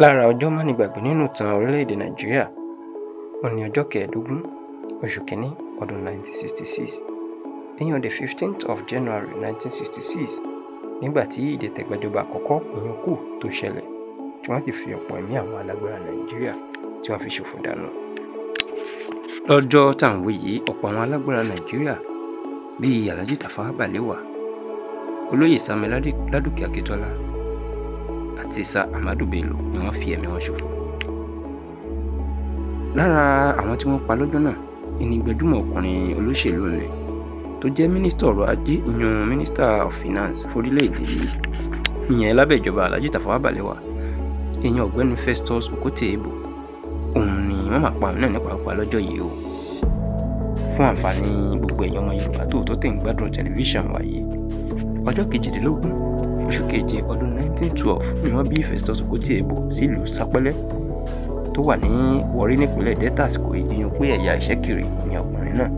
lára ọjọ́ mánigbàgbé nínú ìtàn orílẹ̀-èdè nàìjíríà wọn ni ọjọ́ kẹẹ̀ẹ́dógún oṣù kínní ọdún 1966 ìyẹn on the 15th of january 1966 nígbà tí ìdẹ̀tẹ̀gbàjọba àkọ́kọ́ òun kù tó ṣẹlẹ̀ tí wọ́n sì fi ọ̀pọ̀ ẹ̀mí àwọn alágbára nàìjíríà tí wọ́n fi ṣòfò dànù. lọ́jọ́ tá à ń wí yìí ọ̀pọ̀ àwọn alágbára nàìjíríà bíi alhaji tafawa balewa olóyè sami ládùkẹ́ akíntọ́lá sa Ahmadu Bello ni wọ́n fi ẹ̀mí wọn ṣòfò lára àwọn tí wọ́n pa lọ́jọ́ náà ẹni gbẹdúmọ̀ ọkùnrin olóṣèlú rẹ̀ tó jẹ́ mínísítà ọ̀rọ̀ ajé ìyún mínísítà of finance forílẹ̀-èdè yìí ìyẹn lábẹ́ ìjọba Alhaji Tafawa Balewa ìyẹn ọ̀gbẹ́ni Festus Okotie-Eboh òun ni wọ́n máa pa òun náà nípa ọ̀pá lọ́jọ́ yìí o fún àǹfààní gbogbo ẹ̀yàn ọmọ Yorùbá tòótọ́ tẹ̀ ń gbádùn tẹlifíṣàn wáyé ọjọ́ kejìdínlógún oṣù keje ọdún 1912 ni wọ́n bí Festus Kútì Èbò sílùú Sápẹ́lẹ́ tó wà ní Warri nípínlẹ̀ Delta àsìkò ìyẹn pé ẹ̀yà Ìṣẹ́kiri ni ọkùnrin náà.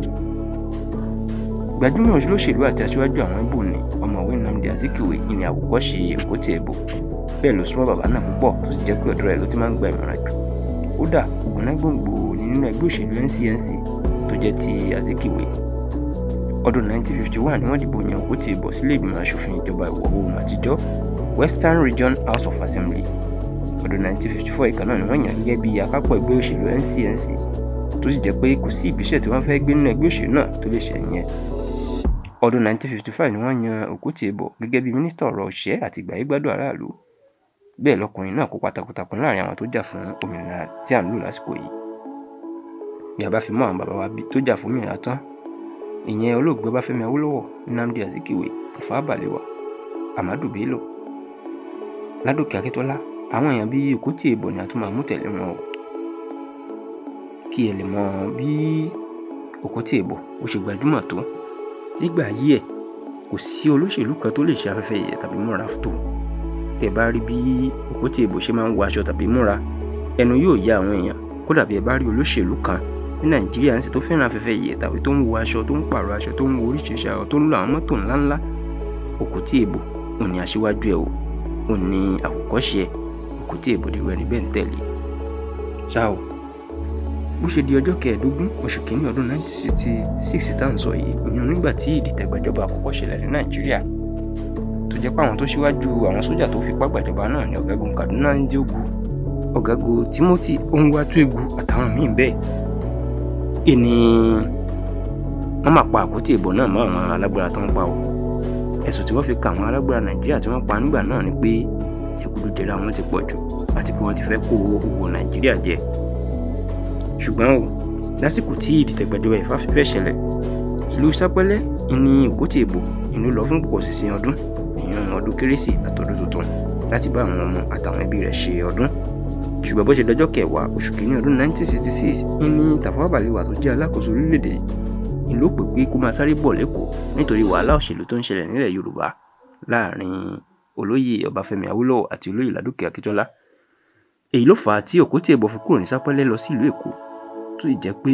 gbajúmọ̀ olóṣèlú àti aṣíwájú àwọn Ìgbò ni ọ̀mọ̀wé Nnamdi Azikiwe ni àwòkọ́ṣe Kútì Èbò bẹ́ẹ̀ ló súnmọ́ bàbá náà púpọ̀ tó sì jẹ́ pé ọ̀dọ̀ rẹ̀ ló ti máa ń gba ìmọ̀ràn jù kódà ògùn náà gbòǹgbò nínú ẹgbẹ́ òṣèlú NCNC tó jẹ́ ti Azikiwe ọdún 1951 ni wọ́n dìbò yan Kuti bọ̀ sílé ìgbìmọ̀ asòfin ìjọba ìwọ̀ oòrùn àtijọ́ Western Region House of Assembly ọdún 1954 ìkan náà ni wọ́n yàn gẹ́gẹ́ bí akápọ̀ ẹgbẹ́ òṣèlú NCNC tó sì jẹ́ pé kò sí ìgbésẹ̀ tí wọ́n fẹ́ gbé nínú ẹgbẹ́ òṣèlú náà tó lè ṣẹ̀yìn ẹ̀ ọdún 1955 ni wọ́n yan Òkúti Èbọ̀ gẹ́gẹ́ bí mínísítà ọ̀rọ̀ òṣìṣẹ́ àti ìgbàyégbádùn aráàlú bẹ́ẹ̀ lọkùnrin náà kópa takuntakun láàrin àwọn tó jà fún òmìnira tí à ń lò lásìkò yìí bí a bá fi mọ́ àwọn bàbá wa tó jà fún òmìnira tán ìyẹn olóògbé ọbáfẹ́mi awólọ́wọ̀ nnamdi azikiwe tafawa balewa amadu bello ládòkè akíntọ́lá àwọn èèyàn bíi èkútì ìbọnì àtúmọ̀ àmútẹ̀lé wọn o kí ẹ lè mọ bí òkútì ìbò ó ṣe gbajúmọ̀ tó nígbà yí ẹ̀ kò sí olóṣèlú kan tó lè ṣe afẹ́fẹ́ yẹ tàbí múra tó tẹ́ bá rí bí òkútì ìbò ṣe máa ń wọ aṣọ tàbí múra ẹnu yóò yá àwọn èèyàn kódà bí ẹ bá rí olóṣèlú kan ní nàìjíríà ń sì tó fẹ́ràn afẹ́fẹ́ yìí tàbí tó ń wo aṣọ tó ń pààrọ̀ aṣọ tó ń wo oríṣiríṣi aṣọ tó ń lo àwọn mọ́tò ńláńlá òkùtì èbò òní aṣíwájú ẹ̀ o òní àwòkọ́ṣe ẹ̀ òkùtì èbò dèrò ẹni bẹ́ẹ̀ ń tẹ̀lé ṣá bó ṣe di ọjọ́ kẹẹ̀ẹ́dógún oṣù kínní ọdún 1966 tá à ń sọ yìí ìyẹn nígbà tí ìdìtẹ̀gbàjọba àkọ́kọ́ ṣẹlẹ̀ ní nàìjíríà tó jẹ́ pé àwọn tó ṣíwájú àwọn sójà tó fipá gbàjọba náà ni ọ̀gágun kaduna ndiogu ọ̀gágun timothy onwatuegu àtàwọn míín bẹ́ẹ̀ ìní wọ́n máa pa àkútì ìbò náà mọ́ àwọn alágbára tó ń pa o ẹ̀sùn tí wọ́n fi ka àwọn alágbára nàìjíríà tí wọ́n pa nígbà náà ni pé ìkúdùjẹrẹ àwọn ti pọ̀ jù àti pé wọ́n ti fẹ́ kó owó gbogbo nàìjíríà jẹ ṣùgbọ́n o lásìkò tí ìdìtẹ̀gbàjọba ìfáfífẹ́ ṣẹlẹ̀ ìlú sápẹ́lẹ́ ní ìkútì ìbò ìlú lọ fún pọ̀ sísìn ọdún ìyẹn ọdún kérésì àtọdún tuntun láti bá àwọn ọmọ àtàwọn ẹbí rẹ̀ ṣe ọdún ṣùgbọ́n bó ṣe dọjọ́ kẹwàá oṣù kìíní ọdún 1966 ní Tafawa Balewa tó jẹ́ alákòóso orílẹ̀-èdè ìlú pè pé kó máa sáré bọ̀ lẹ́kọ̀ọ́ nítorí wàhálà òṣèlú tó ń ṣẹlẹ̀ nílẹ̀ Yorùbá láàrin olóyè Ọbáfẹ́mi Awólọ́wọ̀ àti olóyè Ládòkè Akíntọ́lá èyí ló fà á tí Òkòtiẹ̀bọ fi kúrò ní Sápẹ́lẹ́ lọ sí ìlú Èkó tó ì jẹ́ pé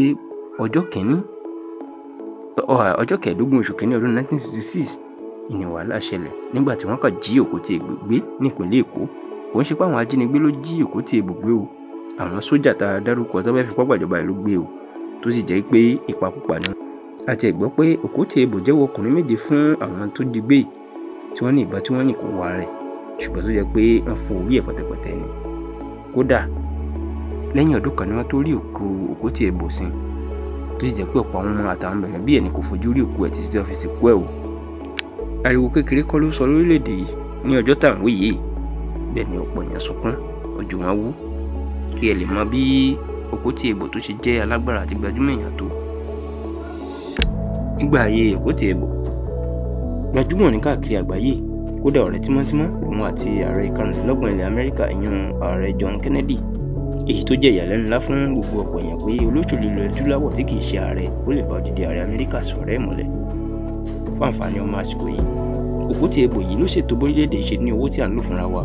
ọjọ́ kìíní ọjọ́ kẹẹ̀ẹ́dógún oṣù kìíní ọdún 1966 ìní wàhálà ṣẹlẹ̀ nígbà tí wọ́n kàn jí Òkòtiẹ̀bọ gbé nípínlẹ̀ Èkó kò ń ṣe pé àwọn ajínigbé ló jí ìkótì ibùgbé o àwọn sójà tá a dárúkọ tó bẹ́ẹ̀ fipá gbàjọba ìlú gbé o tó sì jẹ́ pé ìpakúpa ni àti ẹ̀gbọ́ pé òkúta èbò jẹ́wọ́ ọkùnrin méje fún àwọn tó di, gbé tí wọ́n ní ìbọn tí wọ́n yìn kó wá rẹ̀ ṣùgbọ́n tó jẹ́ pé wọ́n fọ orí ẹ̀ pẹ́tẹ́pẹ́tẹ́ ni kódà lẹ́yìn ọdún kan ni wọ́n tó rí òkú òkúta èbò sin tó sì jẹ́ pé ọ̀pọ̀ àwọn àtàwọn bẹ̀rẹ̀ bí ẹ̀ ní ọjọ́ bẹ́ẹ̀ ni ọ̀pọ̀ èèyàn sunkún ojú wọn wú kí ẹ lè mọ bí Òkòtì Èbò tó ṣe jẹ́ alágbára àti gbajúmọ̀ èèyàn tó nígbà ayé Òkòtì Èbò gbajúmọ̀ ní káàkiri àgbáyé kódà ọ̀rẹ́ tímọ́tímọ́ òun àti ààrẹ ìkarùndínlọ́gbọ̀n ilẹ̀ Amẹ́ríkà ìyún ààrẹ John Kennedy èyí tó jẹ́ ìyàlẹ́nu ńlá fún gbogbo ọ̀pọ̀ èèyàn pé olóṣèlú ilẹ̀ adúláwọ̀ tí kìí ṣe ààrẹ ó lè bá odidi ààrẹ Amẹ́ríkà sọ̀rẹ́ ìmọ̀lẹ̀ fún àǹfààní ọmọ àsìkò yìí Òkòtì Èbò yìí ló ṣètò bórílẹ̀-èdè ṣe ní owó tí à ń lò fúnra wa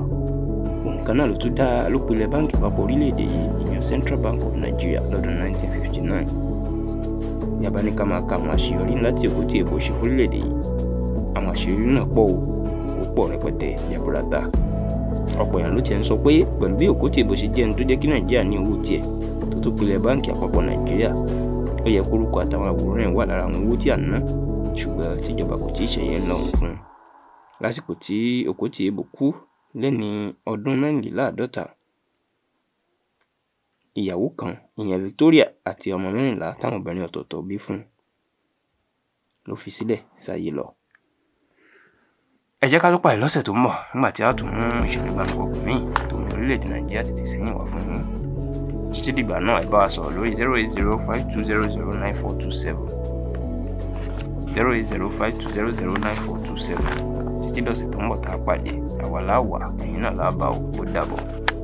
kan náà ló tún dá ló pilẹ̀ báǹkì àpapọ̀ orílẹ̀-èdè yìí ìyẹn Central Bank of Nigeria lọ́dún 1959 yaba ní ká máa ka àwọn àṣeyọrí láti èkó tí èkó ṣe fórílẹ̀-èdè yìí àwọn àṣeyọrí náà pọ̀ o ó pọ̀ rẹpẹtẹ yàbúrata ọ̀pọ̀ èèyàn ló tiẹ̀ ń sọ pé pẹ̀lú bí òkú tí èbó ṣe jẹ́ ẹni tó jẹ́ kí nàìjíríà ní owó tiẹ̀ tó tó pilẹ̀ báǹkì àpapọ̀ nàìjíríà ó yẹ kórúkọ àtàwọn àwòrán ẹ̀ wà lára àwọn owó tí à ń ná ṣùgbọ́n tíjọba kò tí ì ṣẹ̀yẹ ńlọrun fún un lásìkò tí òkú tí èbó kú lẹ́ni ọdún mẹ́rìnléláàádọ́ta. Ìyàwó kan ìyẹn Victoria àti ọmọ mẹ́rìnlá táwọn obìnrin ọ̀tọ̀ọ̀tọ̀ bí fún un ló fi sílẹ̀ sáyé lọ. Ẹ jẹ́ ká tún pàdé lọ́sẹ̀ tó ń bọ̀ nígbà tí a tún mú ìṣẹ̀lẹ̀ ìbánilòpọ̀ míì tó mú orílẹ̀-èdè Nàìjíríà ti tì sẹ́yìn wá fún yín. Títí dìgbà náà ẹ bá wa sọ̀rọ̀ lórí zero eight zero five two zero zero nine four two seven zero eight zero five two zero zero nine four two seven títí lọ́sẹ̀ tó ń bọ̀ tá a pàdé. awalawa, jina la Bao double.